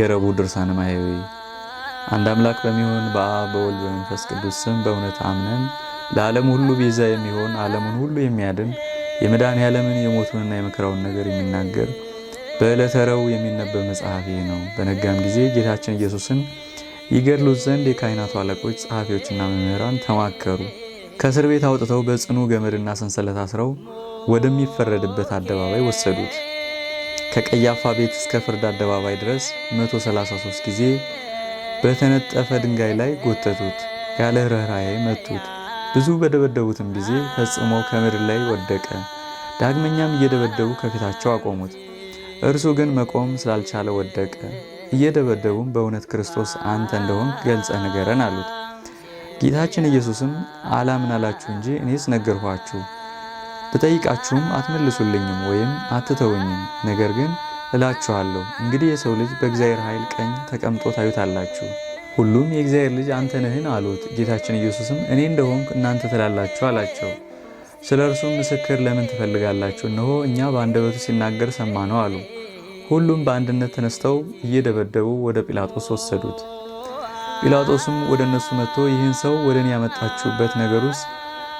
የረቡዕ ድርሳነ ማኅየዊ። አንድ አምላክ በሚሆን በአብ በወልድ በመንፈስ ቅዱስ ስም በእውነት አምነን ለዓለም ሁሉ ቤዛ የሚሆን ዓለምን ሁሉ የሚያድን የመድኃኔ ዓለምን የሞቱንና የመከራውን ነገር የሚናገር በዕለተ ረቡዕ የሚነበብ መጽሐፍ ይህ ነው። በነጋም ጊዜ ጌታችን ኢየሱስን ይገድሉት ዘንድ የካህናቱ አለቆች፣ ጸሐፊዎችና መምህራን ተማከሩ። ከእስር ቤት አውጥተው በጽኑ ገመድና ሰንሰለት አስረው ወደሚፈረድበት አደባባይ ወሰዱት። ከቀያፋ ቤት እስከ ፍርድ አደባባይ ድረስ 133 ጊዜ በተነጠፈ ድንጋይ ላይ ጎተቱት፣ ያለ ርኅራኄ መቱት። ብዙ በደበደቡትም ጊዜ ፈጽሞ ከምድር ላይ ወደቀ። ዳግመኛም እየደበደቡ ከፊታቸው አቆሙት። እርሱ ግን መቆም ስላልቻለ ወደቀ። እየደበደቡም በእውነት ክርስቶስ አንተ እንደሆን ገልጸ ንገረን አሉት። ጌታችን ኢየሱስም አላምን አላችሁ እንጂ እኔስ ነገርኋችሁ ብጠይቃችሁም አትመልሱልኝም ወይም አትተውኝም። ነገር ግን እላችኋለሁ እንግዲህ የሰው ልጅ በእግዚአብሔር ኃይል ቀኝ ተቀምጦ ታዩታላችሁ። ሁሉም የእግዚአብሔር ልጅ አንተ ነህን አሉት። ጌታችን ኢየሱስም እኔ እንደሆንኩ እናንተ ትላላችሁ አላቸው። ስለ እርሱም ምስክር ለምን ትፈልጋላችሁ? እነሆ እኛ በአንደበቱ ሲናገር ሰማ ነው አሉ። ሁሉም በአንድነት ተነስተው እየደበደቡ ወደ ጲላጦስ ወሰዱት። ጲላጦስም ወደ እነሱ መጥቶ ይህን ሰው ወደ እኔ ያመጣችሁበት ነገር ውስጥ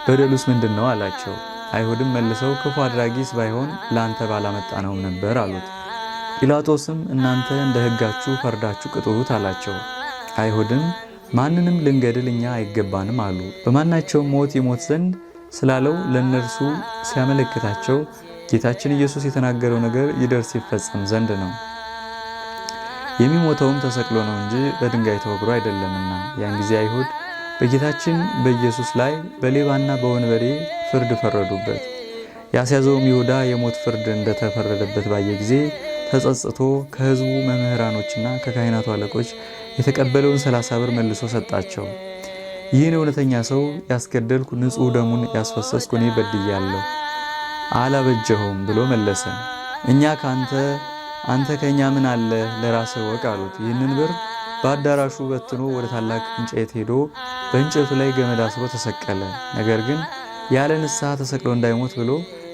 በደሉስ ምንድን ነው አላቸው። አይሁድም መልሰው ክፉ አድራጊስ ባይሆን ለአንተ ባላመጣ ነውም ነበር አሉት። ጲላጦስም እናንተ እንደ ሕጋችሁ ፈርዳችሁ ቅጥሩት አላቸው። አይሁድም ማንንም ልንገድል እኛ አይገባንም አሉ። በማናቸውም ሞት ይሞት ዘንድ ስላለው ለእነርሱ ሲያመለክታቸው ጌታችን ኢየሱስ የተናገረው ነገር ይደርስ ይፈጸም ዘንድ ነው። የሚሞተውም ተሰቅሎ ነው እንጂ በድንጋይ ተወግሮ አይደለምና ያን ጊዜ አይሁድ በጌታችን በኢየሱስ ላይ በሌባና በወንበዴ ፍርድ ፈረዱበት። ያስያዘውም ይሁዳ የሞት ፍርድ እንደተፈረደበት ባየ ጊዜ ተጸጽቶ ከሕዝቡ መምህራኖችና ከካህናቱ አለቆች የተቀበለውን ሰላሳ ብር መልሶ ሰጣቸው። ይህን እውነተኛ ሰው ያስገደልኩ፣ ንጹሕ ደሙን ያስፈሰስኩ እኔ በድያለሁ፣ አላበጀኸውም ብሎ መለሰ። እኛ ከአንተ አንተ ከእኛ ምን አለ ለራስህ ወቅ አሉት። ይህንን ብር በአዳራሹ በትኖ ወደ ታላቅ እንጨት ሄዶ በእንጨቱ ላይ ገመድ አስሮ ተሰቀለ። ነገር ግን ያለ ንስሐ ተሰቅሎ እንዳይሞት ብሎ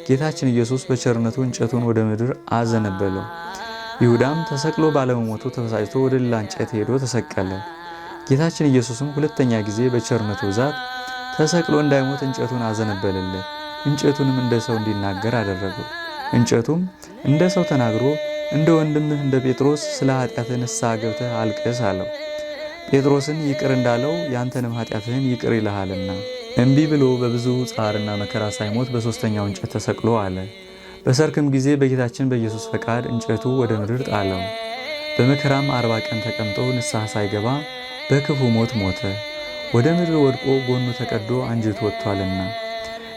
ጌታችን ኢየሱስ በቸርነቱ እንጨቱን ወደ ምድር አዘነበለው። ይሁዳም ተሰቅሎ ባለመሞቱ ተበሳጭቶ ወደ ሌላ እንጨት ሄዶ ተሰቀለ። ጌታችን ኢየሱስም ሁለተኛ ጊዜ በቸርነቱ ብዛት ተሰቅሎ እንዳይሞት እንጨቱን አዘነበለለት። እንጨቱንም እንደ ሰው እንዲናገር አደረገው። እንጨቱም እንደ ሰው ተናግሮ እንደ ወንድምህ እንደ ጴጥሮስ ስለ ኃጢአትህ ንስሐ ገብተህ አልቅስ አለው። ጴጥሮስን ይቅር እንዳለው ያንተንም ኃጢአትህን ይቅር ይልሃልና። እምቢ ብሎ በብዙ ጻርና መከራ ሳይሞት በሦስተኛው እንጨት ተሰቅሎ አለ። በሰርክም ጊዜ በጌታችን በኢየሱስ ፈቃድ እንጨቱ ወደ ምድር ጣለው። በመከራም አርባ ቀን ተቀምጦ ንስሐ ሳይገባ በክፉ ሞት ሞተ። ወደ ምድር ወድቆ ጎኑ ተቀዶ አንጀቱ ወጥቷልና።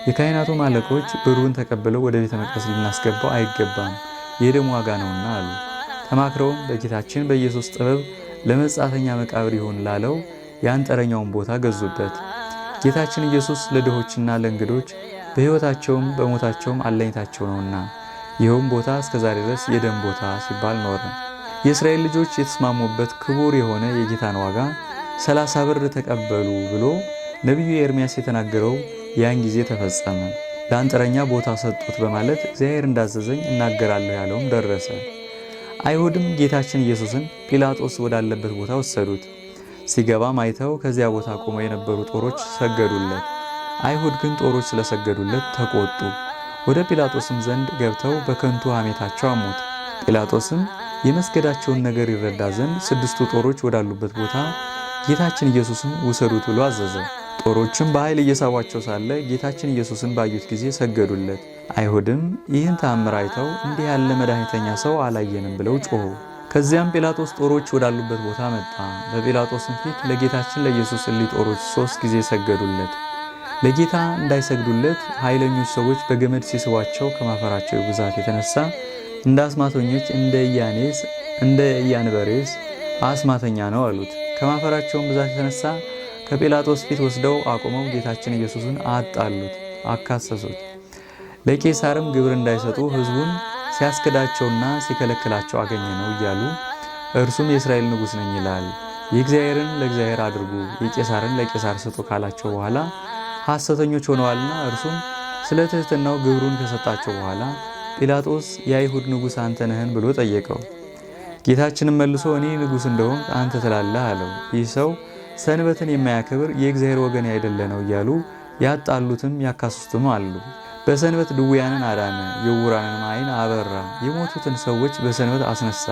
የካህናቱ አለቆች ብሩን ተቀብለው ወደ ቤተ መቅደስ ልናስገባው አይገባም የደም ዋጋ ነውና አሉ። ተማክረውም በጌታችን በኢየሱስ ጥበብ ለመጻተኛ መቃብር ይሆን ላለው የአንጠረኛውን ቦታ ገዙበት። ጌታችን ኢየሱስ ለድሆችና ለእንግዶች በሕይወታቸውም በሞታቸውም አለኝታቸው ነውና ይኸውም ቦታ እስከ ዛሬ ድረስ የደም ቦታ ሲባል ኖረ። የእስራኤል ልጆች የተስማሙበት ክቡር የሆነ የጌታን ዋጋ ሰላሳ ብር ተቀበሉ ብሎ ነቢዩ ኤርምያስ የተናገረው ያን ጊዜ ተፈጸመ። ለአንጥረኛ ቦታ ሰጡት በማለት እግዚአብሔር እንዳዘዘኝ እናገራለሁ ያለውም ደረሰ። አይሁድም ጌታችን ኢየሱስን ጲላጦስ ወዳለበት ቦታ ወሰዱት። ሲገባም አይተው ከዚያ ቦታ ቆመው የነበሩ ጦሮች ሰገዱለት። አይሁድ ግን ጦሮች ስለሰገዱለት ተቆጡ። ወደ ጲላጦስም ዘንድ ገብተው በከንቱ ሐሜታቸው አሙት። ጲላጦስም የመስገዳቸውን ነገር ይረዳ ዘንድ ስድስቱ ጦሮች ወዳሉበት ቦታ ጌታችን ኢየሱስን ውሰዱት ብሎ አዘዘ። ጦሮችም በኃይል እየሳቧቸው ሳለ ጌታችን ኢየሱስን ባዩት ጊዜ ሰገዱለት። አይሁድም ይህን ተአምር አይተው እንዲህ ያለ መድኃኒተኛ ሰው አላየንም ብለው ጮኹ። ከዚያም ጲላጦስ ጦሮች ወዳሉበት ቦታ መጣ። በጲላጦስም ፊት ለጌታችን ለኢየሱስ እሊህ ጦሮች ሦስት ጊዜ ሰገዱለት። ለጌታ እንዳይሰግዱለት ኃይለኞች ሰዎች በገመድ ሲስቧቸው ከማፈራቸው ብዛት የተነሳ እንደ አስማተኞች እንደ እያኔስ እንደ እያንበሬስ አስማተኛ ነው አሉት። ከማፈራቸውን ብዛት የተነሳ ከጲላጦስ ፊት ወስደው አቁመው ጌታችን ኢየሱስን አጣሉት፣ አካሰሱት። ለቄሳርም ግብር እንዳይሰጡ ህዝቡን ሲያስክዳቸውና ሲከለክላቸው አገኘ ነው እያሉ እርሱም የእስራኤል ንጉሥ ነኝ ይላል። የእግዚአብሔርን ለእግዚአብሔር አድርጉ የቄሳርን ለቄሳር ስጡ ካላቸው በኋላ ሐሰተኞች ሆነዋልና እርሱም ስለ ግብሩን ከሰጣቸው በኋላ ጲላጦስ የአይሁድ ንጉሥ አንተ ነህን ብሎ ጠየቀው። ጌታችንም መልሶ እኔ ንጉሥ እንደሆን አንተ ትላለህ አለው። ይህ ሰው ሰንበትን የማያከብር የእግዚአብሔር ወገን አይደለ ነው እያሉ ያጣሉትም ያካስቱም አሉ። በሰንበት ድውያንን አዳነ፣ የውራንን አይን አበራ፣ የሞቱትን ሰዎች በሰንበት አስነሳ።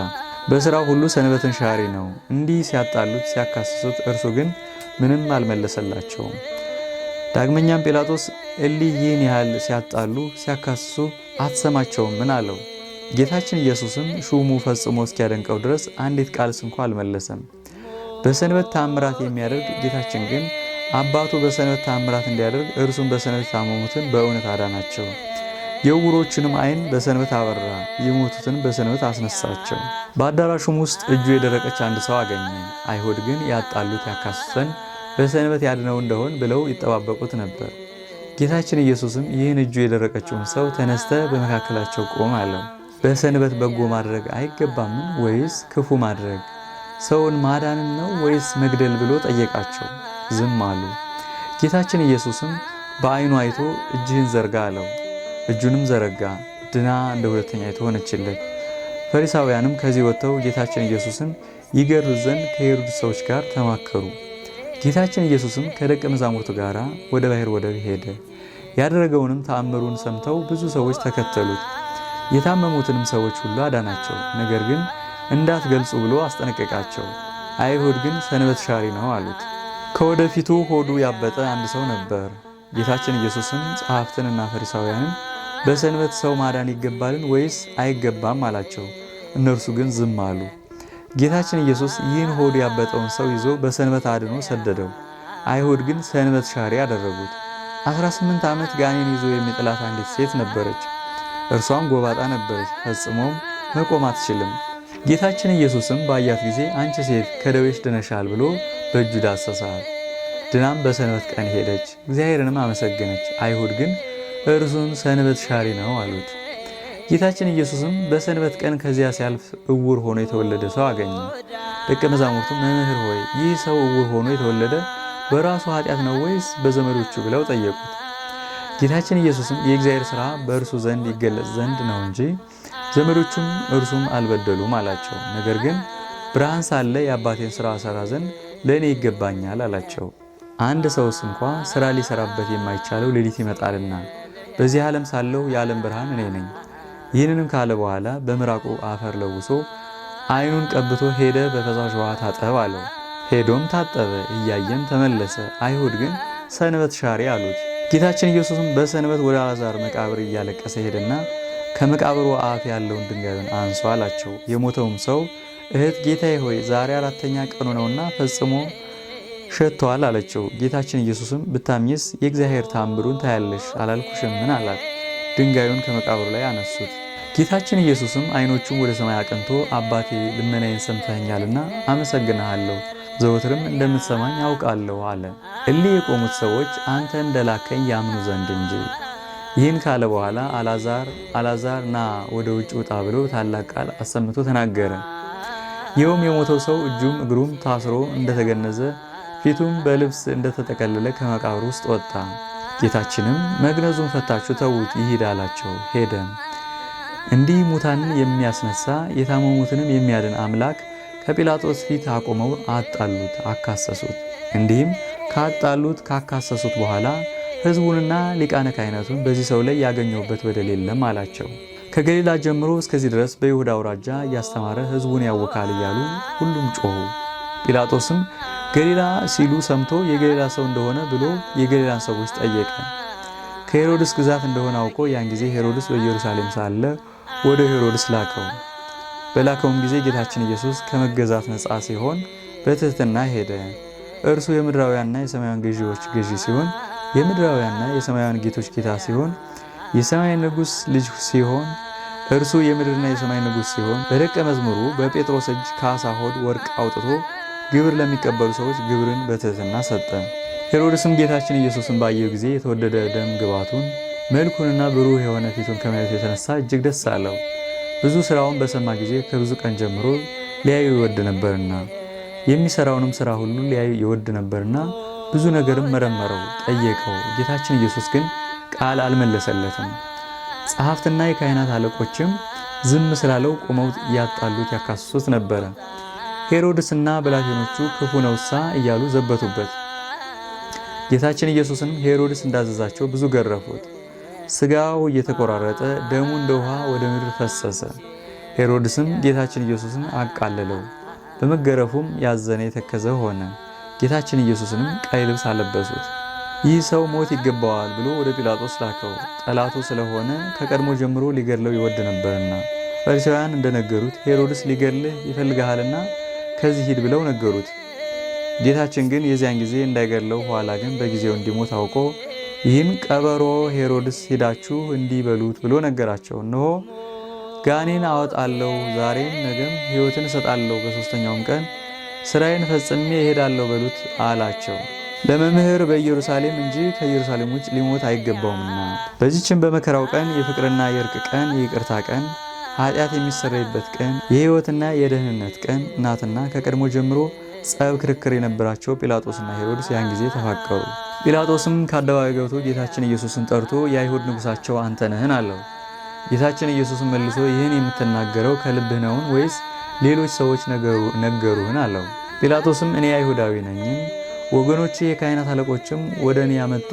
በሥራው ሁሉ ሰንበትን ሻሪ ነው። እንዲህ ሲያጣሉት ሲያካስሱት፣ እርሱ ግን ምንም አልመለሰላቸውም። ዳግመኛም ጲላጦስ እሊ ይህን ያህል ሲያጣሉ ሲያካስሱ አትሰማቸውም ምን አለው? ጌታችን ኢየሱስም ሹሙ ፈጽሞ እስኪያደንቀው ድረስ አንዲት ቃልስ እንኳ አልመለሰም። በሰንበት ታምራት የሚያደርግ ጌታችን ግን አባቱ በሰንበት ታምራት እንዲያደርግ እርሱን በሰንበት ታመሙትን በእውነት አዳናቸው። የውሮችንም ዓይን በሰንበት አበራ፣ የሞቱትን በሰንበት አስነሳቸው። በአዳራሹም ውስጥ እጁ የደረቀች አንድ ሰው አገኘ። አይሁድ ግን ያጣሉት ያካሱሰን በሰንበት ያድነው እንደሆን ብለው ይጠባበቁት ነበር። ጌታችን ኢየሱስም ይህን እጁ የደረቀችውን ሰው ተነስተ በመካከላቸው ቆም አለው። በሰንበት በጎ ማድረግ አይገባምን? ወይስ ክፉ ማድረግ ሰውን ማዳንን ነው ወይስ መግደል ብሎ ጠየቃቸው። ዝም አሉ። ጌታችን ኢየሱስም በዓይኑ አይቶ እጅህን ዘርጋ አለው። እጁንም ዘረጋ፣ ድና እንደ ሁለተኛ ሆነችለት። ፈሪሳውያንም ከዚህ ወጥተው ጌታችን ኢየሱስን ይገድሉት ዘንድ ከሄሮድስ ሰዎች ጋር ተማከሩ። ጌታችን ኢየሱስም ከደቀ መዛሙርቱ ጋር ወደ ባሕር ወደብ ሄደ። ያደረገውንም ተአምሩን ሰምተው ብዙ ሰዎች ተከተሉት። የታመሙትንም ሰዎች ሁሉ አዳናቸው። ነገር ግን እንዳትገልጹ ብሎ አስጠነቀቃቸው። አይሁድ ግን ሰንበት ሻሪ ነው አሉት። ከወደፊቱ ሆዱ ያበጠ አንድ ሰው ነበር። ጌታችን ኢየሱስም ጸሐፍትንና ፈሪሳውያንን በሰንበት ሰው ማዳን ይገባልን ወይስ አይገባም አላቸው። እነርሱ ግን ዝም አሉ። ጌታችን ኢየሱስ ይህን ሆዱ ያበጠውን ሰው ይዞ በሰንበት አድኖ ሰደደው። አይሁድ ግን ሰንበት ሻሪ አደረጉት። 18 ዓመት ጋኔን ይዞ የሚጥላት አንዲት ሴት ነበረች። እርሷም ጎባጣ ነበረች፣ ፈጽሞም መቆም አትችልም። ጌታችን ኢየሱስም ባያት ጊዜ አንቺ ሴት ከደዌሽ ድነሻል ብሎ በእጁ ዳሰሳት። ድናም በሰንበት ቀን ሄደች፣ እግዚአብሔርንም አመሰገነች። አይሁድ ግን እርሱን ሰንበት ሻሪ ነው አሉት። ጌታችን ኢየሱስም በሰንበት ቀን ከዚያ ሲያልፍ እውር ሆኖ የተወለደ ሰው አገኘ። ደቀ መዛሙርቱ መምህር ሆይ ይህ ሰው እውር ሆኖ የተወለደ በራሱ ኃጢአት ነው ወይስ በዘመዶቹ ብለው ጠየቁት። ጌታችን ኢየሱስም የእግዚአብሔር ሥራ በእርሱ ዘንድ ይገለጽ ዘንድ ነው እንጂ ዘመዶቹም እርሱም አልበደሉም አላቸው። ነገር ግን ብርሃን ሳለ የአባቴን ሥራ ሰራ ዘንድ ለእኔ ይገባኛል አላቸው። አንድ ሰውስ እንኳ ሥራ ሊሰራበት የማይቻለው ሌሊት ይመጣልና በዚህ ዓለም ሳለሁ የዓለም ብርሃን እኔ ነኝ። ይህንንም ካለ በኋላ በምራቁ አፈር ለውሶ አይኑን ቀብቶ ሄደ፣ በፈሳሽ ውሃ ታጠብ አለው። ሄዶም ታጠበ፣ እያየም ተመለሰ። አይሁድ ግን ሰንበት ሻሪ አሉት። ጌታችን ኢየሱስም በሰንበት ወደ አልዓዛር መቃብር እያለቀሰ ሄደና ከመቃብሩ አፍ ያለውን ድንጋዩን አንሶ አላቸው። የሞተውም ሰው እህት ጌታዬ ሆይ ዛሬ አራተኛ ቀኑ ነውና ፈጽሞ ሸጥተዋል አለችው። ጌታችን ኢየሱስም ብታምኝስ የእግዚአብሔር ታምብሩን ታያለሽ አላልኩሽምን አላት። ድንጋዩን ከመቃብሩ ላይ አነሱት። ጌታችን ኢየሱስም ዓይኖቹን ወደ ሰማይ አቅንቶ አባቴ ልመናዬን ሰምተኸኛልና አመሰግንሃለሁ፣ ዘወትርም እንደምትሰማኝ አውቃለሁ አለ። እሊ የቆሙት ሰዎች አንተ እንደላከኝ ያምኑ ዘንድ እንጂ ይህን ካለ በኋላ አላዛር አላዛር ና ወደ ውጭ ውጣ ብሎ ታላቅ ቃል አሰምቶ ተናገረ። ይኸውም የሞተው ሰው እጁም እግሩም ታስሮ እንደተገነዘ ፊቱም በልብስ እንደተጠቀለለ ከመቃብር ውስጥ ወጣ። ጌታችንም መግነዙን ፈታችሁ ተዉት ይሂድ አላቸው። ሄደም እንዲህ ሙታንን የሚያስነሳ የታመሙትንም የሚያድን አምላክ ከጲላጦስ ፊት አቆመው አጣሉት፣ አካሰሱት። እንዲህም ካጣሉት ካካሰሱት በኋላ ህዝቡንና ሊቃነ ካህናቱን በዚህ ሰው ላይ ያገኘሁበት በደል የለም አላቸው። ከገሊላ ጀምሮ እስከዚህ ድረስ በይሁዳ አውራጃ እያስተማረ ህዝቡን ያወካል እያሉ ሁሉም ጮሁ። ጲላጦስም ገሊላ ሲሉ ሰምቶ የገሊላ ሰው እንደሆነ ብሎ የገሊላን ሰዎች ጠየቀ። ከሄሮድስ ግዛት እንደሆነ አውቆ ያን ጊዜ ሄሮድስ በኢየሩሳሌም ሳለ ወደ ሄሮድስ ላከው። በላከውም ጊዜ ጌታችን ኢየሱስ ከመገዛት ነፃ ሲሆን በትህትና ሄደ። እርሱ የምድራውያንና የሰማያን ገዢዎች ገዢ ሲሆን የምድራውያንና የሰማያውያን ጌቶች ጌታ ሲሆን የሰማይ ንጉሥ ልጅ ሲሆን እርሱ የምድርና የሰማይ ንጉሥ ሲሆን በደቀ መዝሙሩ በጴጥሮስ እጅ ከዓሣ ሆድ ወርቅ አውጥቶ ግብር ለሚቀበሉ ሰዎች ግብርን በትህትና ሰጠ። ሄሮድስም ጌታችን ኢየሱስን ባየው ጊዜ የተወደደ ደም ግባቱን መልኩንና ብሩህ የሆነ ፊቱን ከማየቱ የተነሳ እጅግ ደስ አለው። ብዙ ሥራውን በሰማ ጊዜ ከብዙ ቀን ጀምሮ ሊያዩ ይወድ ነበርና የሚሠራውንም ሥራ ሁሉ ሊያዩ ይወድ ነበርና ብዙ ነገርም መረመረው፣ ጠየቀው። ጌታችን ኢየሱስ ግን ቃል አልመለሰለትም። ጸሐፍትና የካህናት አለቆችም ዝም ስላለው ቆመው ያጣሉት ያካስሱት ነበረ። ሄሮድስና ብላቴኖቹ ክፉ ነውሳ እያሉ ዘበቱበት። ጌታችን ኢየሱስንም ሄሮድስ እንዳዘዛቸው ብዙ ገረፉት። ስጋው እየተቆራረጠ ደሙ እንደ ውሃ ወደ ምድር ፈሰሰ። ሄሮድስም ጌታችን ኢየሱስን አቃለለው። በመገረፉም ያዘነ የተከዘ ሆነ። ጌታችን ኢየሱስንም ቀይ ልብስ አለበሱት። ይህ ሰው ሞት ይገባዋል ብሎ ወደ ጲላጦስ ላከው። ጠላቱ ስለሆነ ከቀድሞ ጀምሮ ሊገድለው ይወድ ነበርና፣ ፈሪሳውያን እንደነገሩት ሄሮድስ ሊገድልህ ይፈልግሃልና ከዚህ ሂድ ብለው ነገሩት። ጌታችን ግን የዚያን ጊዜ እንዳይገድለው፣ ኋላ ግን በጊዜው እንዲሞት አውቆ ይህን ቀበሮ ሄሮድስ ሂዳችሁ እንዲህ በሉት ብሎ ነገራቸው። እነሆ ጋኔን አወጣለሁ፣ ዛሬም ነገም ሕይወትን እሰጣለሁ፣ በሦስተኛውም ቀን ስራይን ፈጽሜ እሄዳለሁ በሉት አላቸው። ለመምህር በኢየሩሳሌም እንጂ ከኢየሩሳሌም ውጭ ሊሞት አይገባውምና በዚችን በመከራው ቀን የፍቅርና የእርቅ ቀን፣ የይቅርታ ቀን፣ ኃጢአት የሚሰረይበት ቀን፣ የህይወትና የደህንነት ቀን ናትና ከቀድሞ ጀምሮ ጸብ፣ ክርክር የነበራቸው ጲላጦስና ሄሮድስ ያን ጊዜ ተፋቀሩ። ጲላጦስም ከአደባባይ ገብቶ ጌታችን ኢየሱስን ጠርቶ የአይሁድ ንጉሳቸው አንተ ነህን አለው። ጌታችን ኢየሱስን መልሶ ይህን የምትናገረው ከልብህ ነውን ወይስ ሌሎች ሰዎች ነገሩህን አለው። ጲላጦስም እኔ አይሁዳዊ ነኝ፣ ወገኖቼ የካህናት አለቆችም ወደ እኔ ያመጡ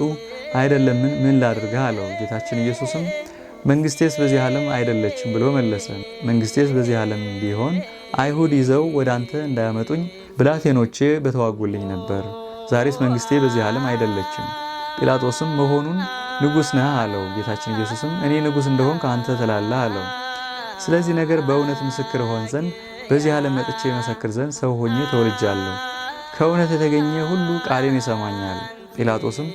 አይደለምን? ምን ላድርግህ አለው። ጌታችን ኢየሱስም መንግስቴስ በዚህ ዓለም አይደለችም ብሎ መለሰ። መንግስቴስ በዚህ ዓለም ቢሆን አይሁድ ይዘው ወደ አንተ እንዳያመጡኝ ብላቴኖቼ በተዋጉልኝ ነበር። ዛሬስ መንግስቴ በዚህ ዓለም አይደለችም። ጲላጦስም መሆኑን ንጉሥ ነህ አለው። ጌታችን ኢየሱስም እኔ ንጉሥ እንደሆን ከአንተ ትላለህ አለው። ስለዚህ ነገር በእውነት ምስክር ሆን ዘንድ በዚህ ዓለም መጥቼ የመሰክር ዘንድ ሰው ሆኜ ተወልጃለሁ። ከእውነት የተገኘ ሁሉ ቃሌን ይሰማኛል። ጲላጦስም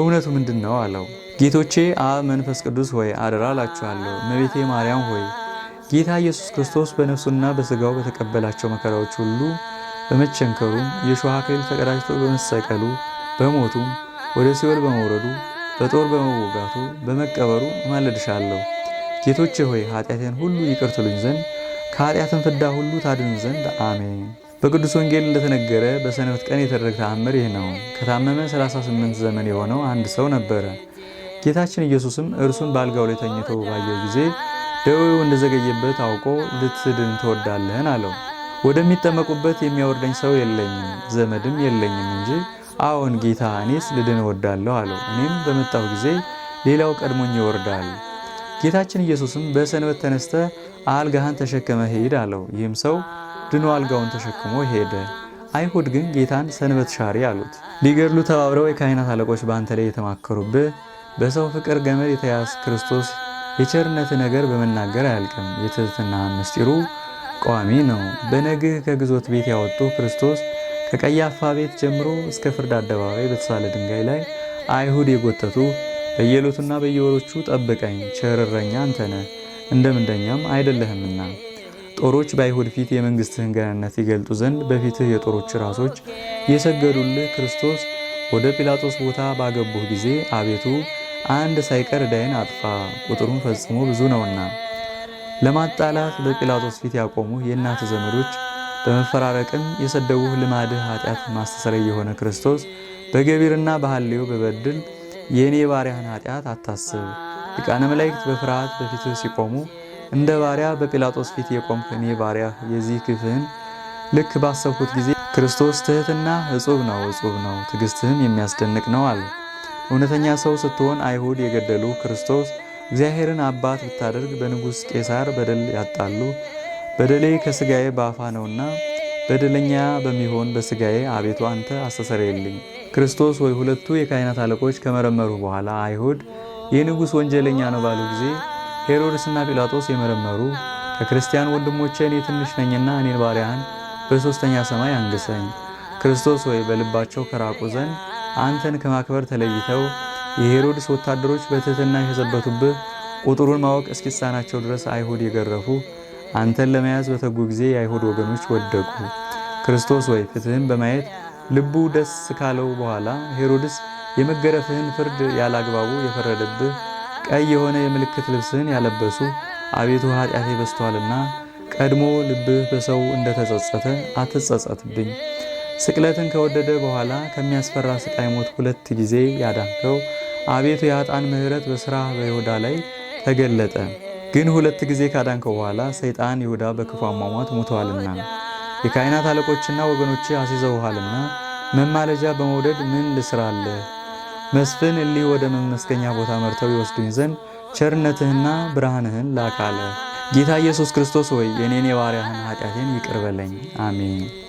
እውነቱ ምንድን ነው አለው። ጌቶቼ አብ መንፈስ ቅዱስ ሆይ አደራ እላችኋለሁ። እመቤቴ ማርያም ሆይ ጌታ ኢየሱስ ክርስቶስ በነፍሱና በሥጋው በተቀበላቸው መከራዎች ሁሉ በመቸንከሩም የሾህ አክሊል ተቀዳጅቶ በመሰቀሉ በሞቱም ወደ ሲኦል በመውረዱ በጦር በመወጋቱ በመቀበሩ እማልድሻለሁ። ጌቶቼ ሆይ ኃጢአቴን ሁሉ ይቅርትሉኝ ዘንድ ከኃጢአትን ፍዳ ሁሉ ታድን ዘንድ አሜን። በቅዱስ ወንጌል እንደተነገረ በሰንበት ቀን የተደረገ ተአምር ይህ ነው። ከታመመ 38 ዘመን የሆነው አንድ ሰው ነበረ። ጌታችን ኢየሱስም እርሱን በአልጋው ላይ ተኝቶ ባየው ጊዜ ደዌው እንደዘገየበት አውቆ ልትድን ትወዳለህን አለው። ወደሚጠመቁበት የሚያወርደኝ ሰው የለኝም፣ ዘመድም የለኝም እንጂ አዎን ጌታ፣ እኔስ ልድን እወዳለሁ አለው። እኔም በመጣሁ ጊዜ ሌላው ቀድሞኝ ይወርዳል። ጌታችን ኢየሱስም በሰንበት ተነስተ አልጋህን ተሸከመ ሄድ አለው። ይህም ሰው ድኖ አልጋውን ተሸክሞ ሄደ። አይሁድ ግን ጌታን ሰንበት ሻሪ አሉት። ሊገድሉ ተባብረው የካህናት አለቆች በአንተ ላይ የተማከሩብህ በሰው ፍቅር ገመድ የተያዝ ክርስቶስ የቸርነት ነገር በመናገር አያልቅም። የትህትና ምስጢሩ ቋሚ ነው። በነግህ ከግዞት ቤት ያወጡ ክርስቶስ ከቀያፋ ቤት ጀምሮ እስከ ፍርድ አደባባይ በተሳለ ድንጋይ ላይ አይሁድ የጎተቱ በየሎቱና በየወሮቹ ጠብቀኝ ቸርረኛ አንተነ? እንደ ምንደኛም አይደለህምና ጦሮች በአይሁድ ፊት የመንግሥትህን ገናነት ይገልጡ ዘንድ በፊትህ የጦሮች ራሶች የሰገዱልህ ክርስቶስ ወደ ጲላጦስ ቦታ ባገቡህ ጊዜ አቤቱ አንድ ሳይቀር ዳይን አጥፋ፣ ቁጥሩን ፈጽሞ ብዙ ነውና። ለማጣላት በጲላጦስ ፊት ያቆሙህ የእናት ዘመዶች በመፈራረቅም የሰደቡህ ልማድህ ኃጢአት ማስተሰረይ የሆነ ክርስቶስ በገቢርና በሐሌው በበድል የእኔ ባሪያህን ኃጢአት አታስብ ሊቃነ መላእክት በፍርሃት በፊትህ ሲቆሙ እንደ ባሪያ በጲላጦስ ፊት የቆምክ እኔ ባሪያ የዚህ ክፍህን ልክ ባሰብኩት ጊዜ ክርስቶስ ትህትና እጹብ ነው እጹብ ነው ትዕግስትህም የሚያስደንቅ ነው አለ። እውነተኛ ሰው ስትሆን አይሁድ የገደሉ ክርስቶስ እግዚአብሔርን አባት ብታደርግ በንጉሥ ቄሳር በደል ያጣሉ። በደሌ ከስጋዬ ባፋ ነውና በደለኛ በሚሆን በስጋዬ አቤቱ አንተ አስተሰርየልኝ። ክርስቶስ ወይ ሁለቱ የካህናት አለቆች ከመረመሩ በኋላ አይሁድ የንጉስ ወንጀለኛ ነው ባሉ ጊዜ ሄሮድስና ጲላጦስ የመረመሩ ከክርስቲያን ወንድሞቼ እኔ ትንሽ ነኝና እኔን ባሪያን በሦስተኛ ሰማይ አንግሰኝ፣ ክርስቶስ ወይ በልባቸው ከራቁ ዘንድ አንተን ከማክበር ተለይተው የሄሮድስ ወታደሮች በትሕትና የዘበቱብህ ቁጥሩን ማወቅ እስኪሳናቸው ድረስ አይሁድ የገረፉ አንተን ለመያዝ በተጉ ጊዜ የአይሁድ ወገኖች ወደቁ። ክርስቶስ ወይ ፍትህን በማየት ልቡ ደስ ካለው በኋላ ሄሮድስ የመገረፍህን ፍርድ ያላግባቡ የፈረደብህ ቀይ የሆነ የምልክት ልብስህን ያለበሱ አቤቱ ኃጢአቴ በዝቷልና ቀድሞ ልብህ በሰው እንደተጸጸተ አትጸጸትብኝ። ስቅለትን ከወደደ በኋላ ከሚያስፈራ ስቃይ ሞት ሁለት ጊዜ ያዳንከው አቤቱ የአጣን ምሕረት በሥራ በይሁዳ ላይ ተገለጠ። ግን ሁለት ጊዜ ካዳንከው በኋላ ሰይጣን ይሁዳ በክፉ አሟሟት ሞተዋልና የካህናት አለቆችና ወገኖች አስይዘውሃልና መማለጃ በመውደድ ምን ልስራለህ? መስፍን እሊህ ወደ መመስገኛ ቦታ መርተው ይወስዱኝ ዘንድ ቸርነትህና ብርሃንህን ላካለ ጌታ ኢየሱስ ክርስቶስ ሆይ የኔን የባሪያህን ኃጢአቴን ይቅርበለኝ። አሜን።